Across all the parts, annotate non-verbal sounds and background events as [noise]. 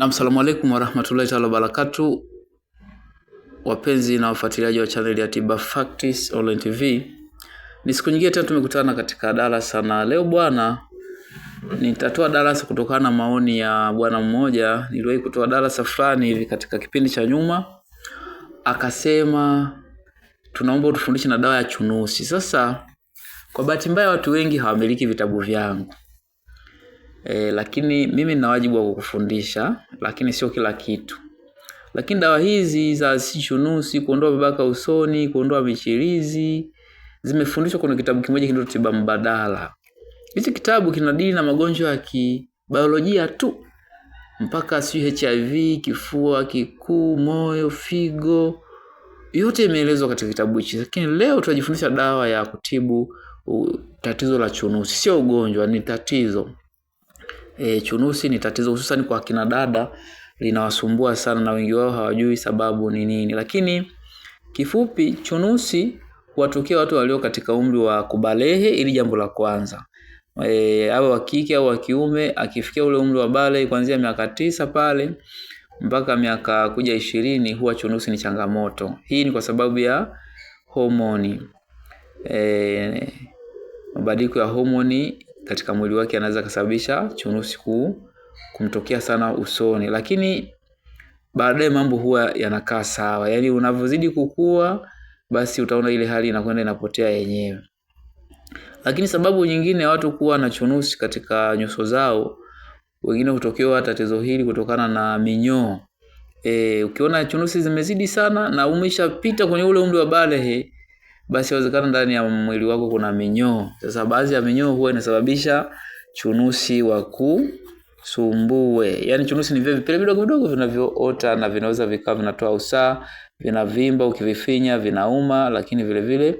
Na msalamu alaikum warahmatullahi taala wabarakatu, wapenzi na wafuatiliaji wa chaneli ya Tiba Facts Online TV, ni siku nyingine tena tumekutana katika darasa, na leo bwana, nitatoa darasa kutokana na maoni ya bwana mmoja. Niliwahi kutoa darasa fulani hivi katika kipindi cha nyuma, akasema tunaomba utufundishe na dawa ya chunusi. Sasa kwa bahati mbaya, watu wengi hawamiliki vitabu vyangu E, lakini mimi nina wajibu wa kukufundisha, lakini sio kila kitu. Lakini dawa hizi za sichunusi, kuondoa mabaka usoni, kuondoa michirizi zimefundishwa kwenye kitabu kimoja kinaitwa Tiba Mbadala. Hichi kitabu kinadili na magonjwa ya kibiolojia tu mpaka si HIV, kifua kikuu, moyo, figo, yote imeelezwa katika kitabu hichi. Lakini leo tunajifundisha dawa ya kutibu tatizo la chunusi. Sio ugonjwa, ni tatizo. E, chunusi ni tatizo hususan kwa kina dada linawasumbua sana na wengi wao hawajui sababu ni nini. Lakini kifupi chunusi huwatokea watu walio katika umri wa kubalehe, ili jambo la kwanza. E, awe wa kike au wa kiume akifikia ule umri wa balehe kuanzia miaka tisa pale mpaka miaka kuja ishirini huwa chunusi ni changamoto. Hii ni kwa sababu ya homoni. E, mabadiliko ya homoni katika mwili wake anaweza kasababisha chunusi kumtokea sana usoni, lakini baadaye mambo huwa yanakaa sawa, yaani unavyozidi kukua basi utaona ile hali inakwenda inapotea yenyewe. Lakini sababu nyingine ya watu kuwa na chunusi katika nyuso zao, wengine hutokewa tatizo hili kutokana na minyoo. E, ukiona chunusi zimezidi sana na umeshapita kwenye ule umri wa balehe, basi inawezekana ndani ya mwili wako kuna minyoo. Sasa baadhi ya minyoo huwa inasababisha chunusi wa kusumbue, yaani chunusi ni vile vipele vidogo vidogo vinavyoota na vinaweza vikawa vinatoa usaha, vinavimba, ukivifinya vinauma, lakini vile vile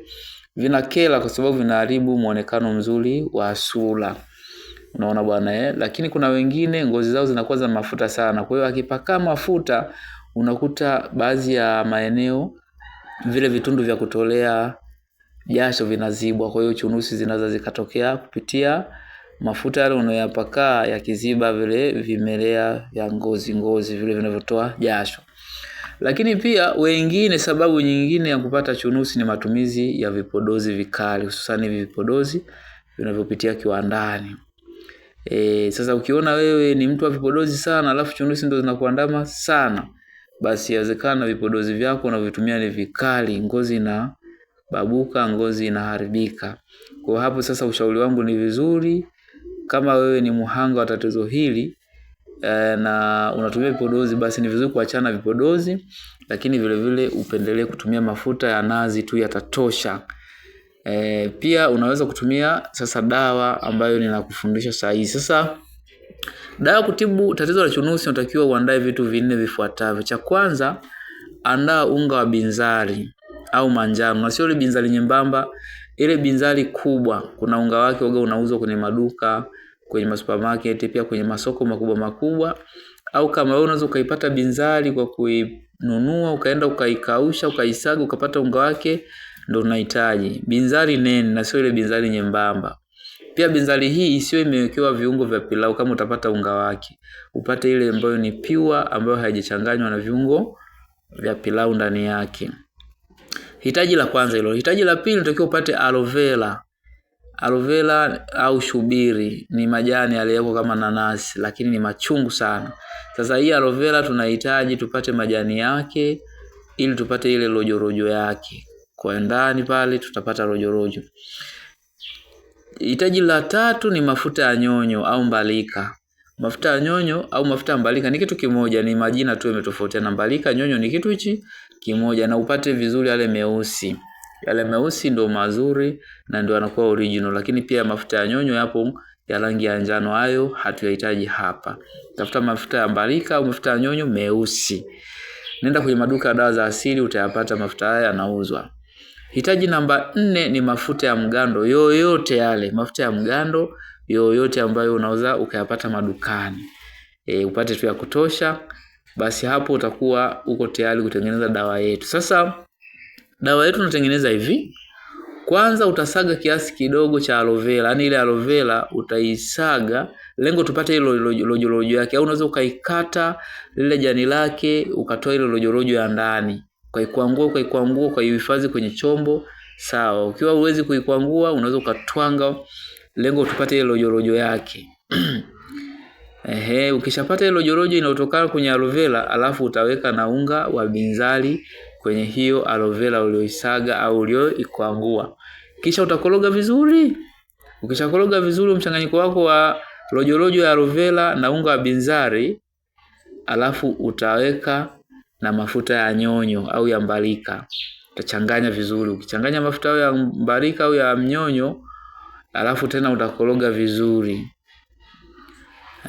vinakela kwa sababu vinaharibu muonekano mzuri wa sura. Unaona bwana eh? Lakini kuna wengine ngozi zao zinakuwa za mafuta sana, kwa hiyo akipaka mafuta unakuta baadhi ya maeneo vile vitundu vya kutolea jasho vinazibwa, kwa hiyo chunusi zinaweza zikatokea kupitia mafuta yale unayoyapakaa yakiziba vile vimelea vya ngozi ngozi vile vinavyotoa jasho. Lakini pia wengine, sababu nyingine ya kupata chunusi ni matumizi ya vipodozi vikali, hususan hivi vipodozi vinavyopitia kiwandani. E, sasa ukiona wewe ni mtu wa vipodozi sana alafu chunusi ndo zinakuandama sana, basi yawezekana vipodozi vyako unavyotumia ni vikali, ngozi na babuka, ngozi inaharibika. Kwa hapo sasa, ushauri wangu ni vizuri, kama wewe ni mhanga wa tatizo hili eh, na unatumia vipodozi, basi ni vizuri kuachana vipodozi, lakini vile vile upendelee kutumia mafuta ya nazi tu yatatosha. Eh, pia unaweza kutumia sasa dawa ambayo ninakufundisha sasa hii. Sasa dawa kutibu tatizo la chunusi unatakiwa uandae vitu vinne vifuatavyo. Cha kwanza, andaa unga wa binzari au manjano, na sio ile binzari nyembamba, ile binzari kubwa. Kuna unga wake uga unauzwa kwenye maduka, kwenye masupermarket, pia kwenye masoko makubwa makubwa. Au kama wewe unaweza ukaipata binzari kwa kuinunua, ukaenda ukaikausha, ukaisaga, ukapata unga wake, ndio unahitaji binzari nene na sio ile binzari nyembamba. Pia binzari hii isiwe imewekewa viungo vya pilau, kama utapata unga wake, upate ile ambayo ni pure, ambayo haijachanganywa na viungo vya pilau ndani yake. Hitaji la kwanza hilo. Hitaji la pili natakiwa upate aloe vera. Aloe vera au shubiri ni majani yaliyoko kama nanasi, lakini ni machungu sana. Sasa hii aloe vera tunahitaji tupate majani yake ili tupate ile rojorojo yake. Kwa ndani pale tutapata rojorojo. Hitaji la tatu ni mafuta ya nyonyo au mbalika. Mafuta ya nyonyo au mafuta ya mbalika ni kitu kimoja, ni majina tu yametofautiana. Mbalika nyonyo ni kitu hichi kimoja, na upate vizuri yale meusi. Yale meusi ndo mazuri na ndio yanakuwa original, lakini pia mafuta ya nyonyo yapo ya rangi ya njano, hayo hatuyahitaji hapa. Tafuta mafuta ya mbalika au mafuta ya nyonyo meusi. Nenda kwenye maduka ya dawa za asili utayapata mafuta haya yanauzwa. Hitaji namba nne ni mafuta ya mgando yoyote yale, mafuta ya mgando yoyote ambayo unaweza ukayapata madukani e, upate tu ya kutosha, basi hapo utakuwa uko tayari kutengeneza dawa yetu. Sasa dawa yetu tunatengeneza hivi. Kwanza utasaga kiasi kidogo cha aloe vera, yani ile aloe vera utaisaga, lengo tupate ile lojolojo yake, au unaweza ukaikata lile jani lake ukatoa ile lojolojo ya ndani, ukaikwangua ukaikwangua ukaihifadhi kwenye chombo sawa. Ukiwa uwezi kuikwangua, unaweza ukatwanga lengo tupate ile rojorojo yake. [clears throat] Ehe, ukishapata ile rojorojo inayotokana kwenye aloe vera, alafu utaweka na unga wa binzari kwenye hiyo aloe vera uliyoisaga au uliyoikwangua, kisha utakoroga vizuri. Ukishakoroga vizuri mchanganyiko wako wa rojorojo ya aloe vera na unga wa binzari, alafu utaweka na mafuta ya nyonyo au ya mbarika, utachanganya vizuri. Ukichanganya mafuta ya mbarika au ya mnyonyo alafu tena utakoroga vizuri.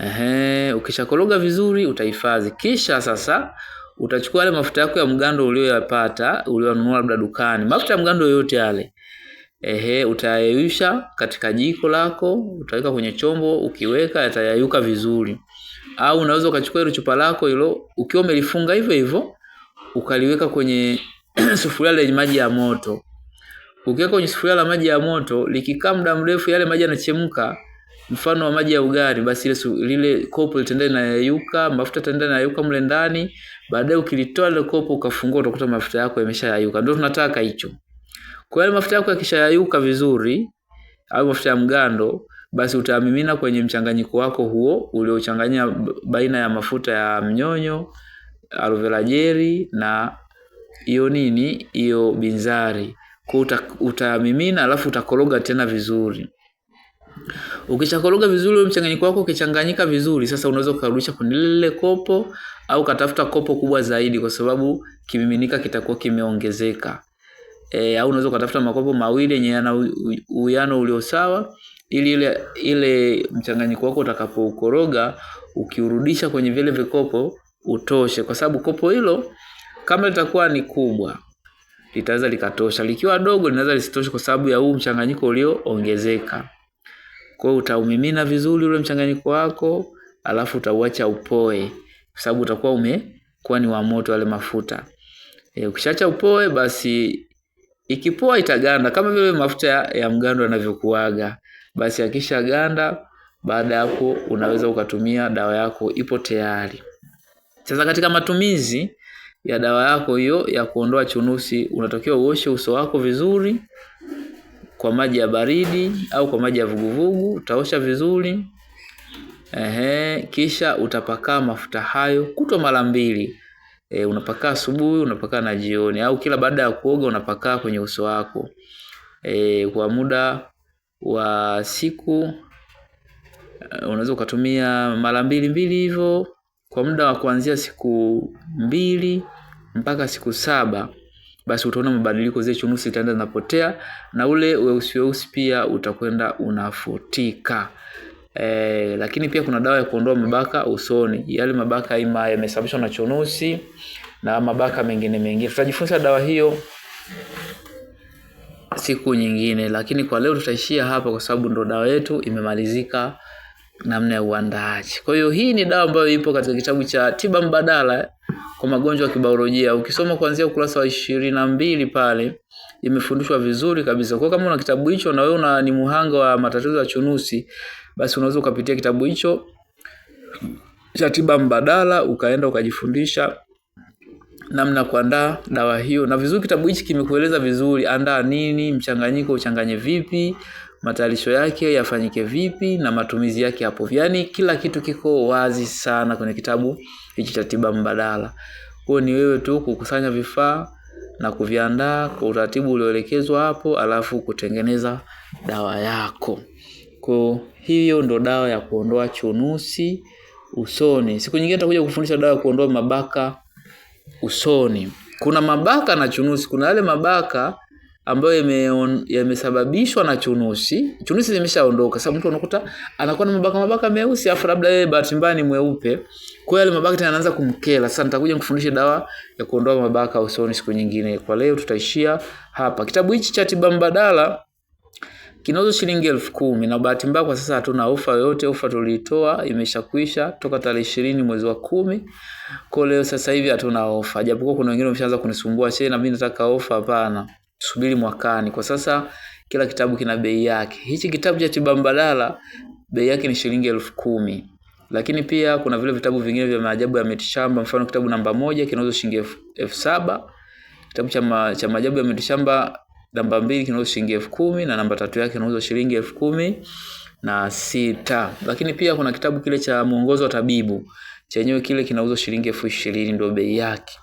Ehe, ukishakoroga vizuri utahifadhi, kisha sasa utachukua yale mafuta yako ya mgando uliyoyapata uliyonunua labda dukani, mafuta ya mgando yoyote yale. Ehe, utayayusha katika jiko lako, utaweka kwenye chombo, ukiweka yatayayuka vizuri. Au unaweza ukachukua ile chupa lako hilo ukiwa umelifunga hivyo hivyo ukaliweka kwenye [clears throat] sufuria lenye maji ya moto. Ukiweka kwenye sufuria la maji ya moto, likikaa muda mrefu yale maji yanachemka, mfano wa maji ya ugali, basi ile lile kopo litaenda linayeyuka, mafuta yataenda yanayeyuka mle ndani. Baadaye ukilitoa lile kopo ukafungua, utakuta mafuta yako yameshayayuka. Ndio tunataka hicho. Kwa hiyo mafuta yako yakishayayuka vizuri, au mafuta ya mgando, basi utamimina kwenye mchanganyiko wako huo uliochanganya baina ya mafuta ya mnyonyo, aloe vera jeli na hiyo nini, hiyo binzari utamimina alafu utakoroga tena vizuri. Ukishakoroga vizuri ule mchanganyiko wako ukichanganyika vizuri, sasa unaweza ukarudisha kwenye lile kopo au katafuta kopo kubwa zaidi, kwa sababu kimiminika kitakuwa kimeongezeka. E, au unaweza ukatafuta makopo mawili yenye yana uwiano ulio sawa, ili ile ile mchanganyiko wako utakapoukoroga ukiurudisha kwenye vile vikopo utoshe, kwa sababu kopo hilo kama litakuwa ni kubwa litaweza likatosha. Likiwa dogo linaweza lisitoshe kwa sababu ya huu mchanganyiko ulioongezeka. Kwa hiyo utaumimina vizuri ule mchanganyiko wako, alafu utauacha upoe, kwa sababu utakuwa umekuwa ni wa moto wale mafuta. E, ukishacha upoe basi ikipoa itaganda kama vile mafuta ya, ya mgando yanavyokuaga. Basi akisha ganda, baada ya hapo unaweza ukatumia dawa yako, ipo tayari. Sasa katika matumizi ya dawa yako hiyo ya kuondoa chunusi, unatakiwa uoshe uso wako vizuri kwa maji ya baridi au kwa maji ya vuguvugu, utaosha vizuri. Ehe, kisha utapakaa mafuta hayo kutwa mara mbili. E, unapakaa asubuhi, unapakaa na jioni, au kila baada ya kuoga unapakaa kwenye uso wako e, kwa muda wa siku e, unaweza ukatumia mara mbili mbili hivyo kwa muda wa kuanzia siku mbili mpaka siku saba basi utaona mabadiliko zile chunusi zitaenda zinapotea na ule weusi weusi pia utakwenda unafutika e, lakini pia kuna dawa ya kuondoa mabaka usoni yale mabaka ima yamesababishwa na chunusi na mabaka mengine mengine tutajifunza dawa hiyo siku nyingine lakini kwa leo tutaishia hapa kwa sababu ndo dawa yetu imemalizika namna ya uandaaji kwa hiyo hii ni dawa ambayo ipo katika kitabu cha tiba mbadala kwa magonjwa ya kibaolojia. Ukisoma kuanzia ukurasa wa ishirini na mbili pale imefundishwa vizuri kabisa. Kwa kama una kitabu hicho na wewe una ni muhanga wa matatizo ya chunusi, basi unaweza ukapitia kitabu hicho cha tiba mbadala ukaenda ukajifundisha namna kuandaa dawa hiyo. Na vizuri kitabu hichi kimekueleza vizuri, andaa nini, mchanganyiko uchanganye vipi, matayarisho yake yafanyike vipi na matumizi yake hapo. Yaani kila kitu kiko wazi sana kwenye kitabu hichi cha tiba mbadala. Kwa ni wewe tu kukusanya vifaa na kuviandaa kwa utaratibu ulioelekezwa hapo alafu kutengeneza dawa yako. Kwa hiyo ndo dawa ya kuondoa chunusi usoni. Siku nyingine nitakuja kufundisha dawa ya kuondoa mabaka usoni. Kuna mabaka na chunusi, kuna yale mabaka ambayo yamesababishwa na chunusi. Chunusi zimeshaondoka, sababu mtu unakuta anakuwa na mabaka mabaka meusi, afu labda yeye bahati mbaya ni mweupe, kwa hiyo yale mabaka tena anaanza kumkela. Sasa nitakuja nikufundishe dawa ya kuondoa mabaka usoni siku nyingine. Kwa leo tutaishia hapa. Kitabu hichi cha tiba mbadala kinauzwa shilingi elfu kumi na bahati mbaya kwa sasa hatuna ofa yoyote. Ofa tulitoa imeshakwisha toka tarehe ishirini mwezi wa kumi. Kwa leo sasa hivi hatuna ofa, japokuwa kuna wengine wameshaanza kunisumbua, she na mimi nataka ofa. Hapana subiri mwakani. Kwa sasa kila kitabu kina bei yake. Hichi kitabu cha tiba mbadala bei yake ni shilingi elfu kumi lakini pia kuna vile vitabu vingine vya maajabu ya mitishamba. Mfano kitabu namba moja kinauzwa shilingi elfu saba kitabu cha, ma, cha maajabu ya mitishamba namba mbili kinauzwa shilingi elfu kumi na namba tatu yake kinauzwa shilingi elfu kumi na sita. Lakini pia kuna kitabu kile cha mwongozo wa tabibu chenyewe kile kinauzwa shilingi elfu ishirini ndio bei yake.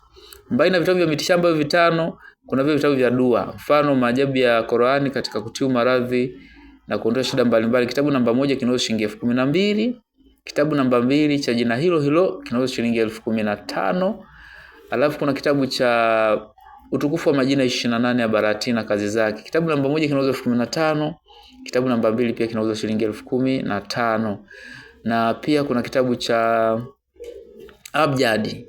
Mbali na vitabu vya mitishamba vitano kuna vile vitabu vya dua, mfano maajabu ya Qur'ani katika kutibu maradhi na kuondoa shida mbalimbali. Kitabu namba moja kinauza shilingi elfu kumi na mbili. Kitabu namba mbili cha jina hilo hilo kinauza shilingi elfu kumi na tano. Alafu kuna kitabu cha utukufu wa majina ishirini na nane ya Barati na kazi zake. Kitabu namba moja kinauza elfu kumi na tano. Kitabu namba mbili pia kinauza shilingi elfu kumi na tano. Na pia kuna kitabu cha Abjadi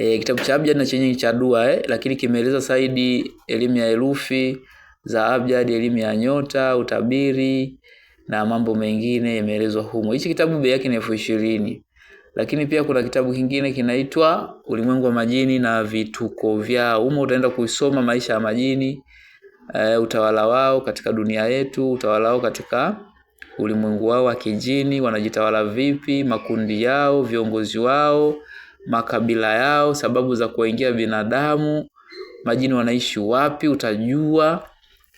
E, kitabu cha abjad na chenye cha dua eh, lakini kimeeleza zaidi elimu ya herufi za abjad, elimu ya nyota, utabiri na mambo mengine yameelezwa humo. Hichi kitabu bei yake ni elfu ishirini. Lakini pia kuna kitabu kingine kinaitwa Ulimwengu wa Majini na Vituko Vyao. Humo utaenda kuisoma maisha ya majini, e, utawala wao katika dunia yetu, utawala wao katika ulimwengu wao wa kijini, wanajitawala vipi, makundi yao, viongozi wao makabila yao, sababu za kuwaingia binadamu, majini wanaishi wapi, utajua.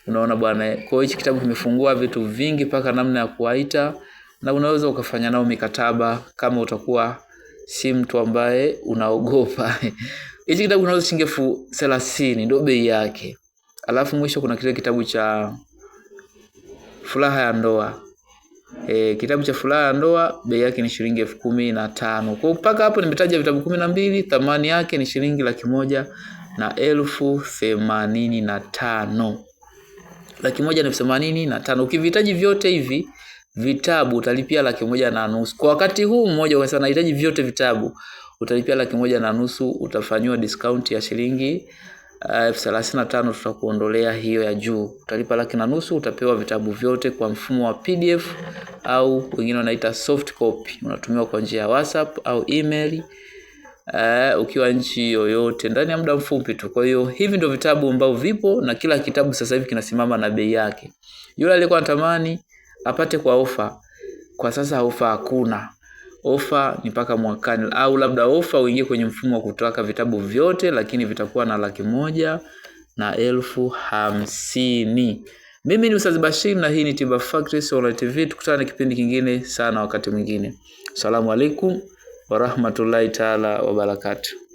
Unaona bwana, kwa hiyo hichi kitabu kimefungua vitu vingi mpaka namna ya kuwaita, na unaweza ukafanya nao mikataba kama utakuwa si mtu ambaye unaogopa. [laughs] Hichi kitabu kinauza shilingi elfu thelathini ndio bei yake. Alafu mwisho kuna kile kitabu cha Furaha ya Ndoa. E, kitabu cha Furaha ya Ndoa bei yake ni shilingi elfu kumi na tano. Kwa mpaka hapo nimetaja vitabu kumi na mbili, thamani yake ni shilingi laki moja na elfu themanini na tano. Laki moja na elfu themanini na tano. Ukivihitaji vyote hivi vitabu utalipia laki moja na nusu. Kwa wakati huu mmoja kwa sababu nahitaji vyote vitabu utalipia laki moja na nusu, utafanyiwa discount ya shilingi elfu thelathini na tano tutakuondolea hiyo ya juu. Utalipa laki na nusu, utapewa vitabu vyote kwa mfumo wa PDF au wengine wanaita soft copy. Unatumiwa kwa njia ya WhatsApp au email Uh, ukiwa nchi yoyote ndani ya muda mfupi tu. Kwa hiyo hivi ndio vitabu ambavyo vipo na kila kitabu sasa hivi kinasimama na bei yake. Yule aliyekuwa anatamani apate kwa ofa, kwa sasa ofa hakuna ofa ni mpaka mwakani, au labda ofa uingie kwenye mfumo wa kutaka vitabu vyote, lakini vitakuwa na laki moja na elfu hamsini. Mimi ni Ustaz Bashir na hii ni Tiba Factories Online TV. Tukutane kipindi kingine sana, wakati mwingine. Asalamu alaikum warahmatullahi taala wabarakatu.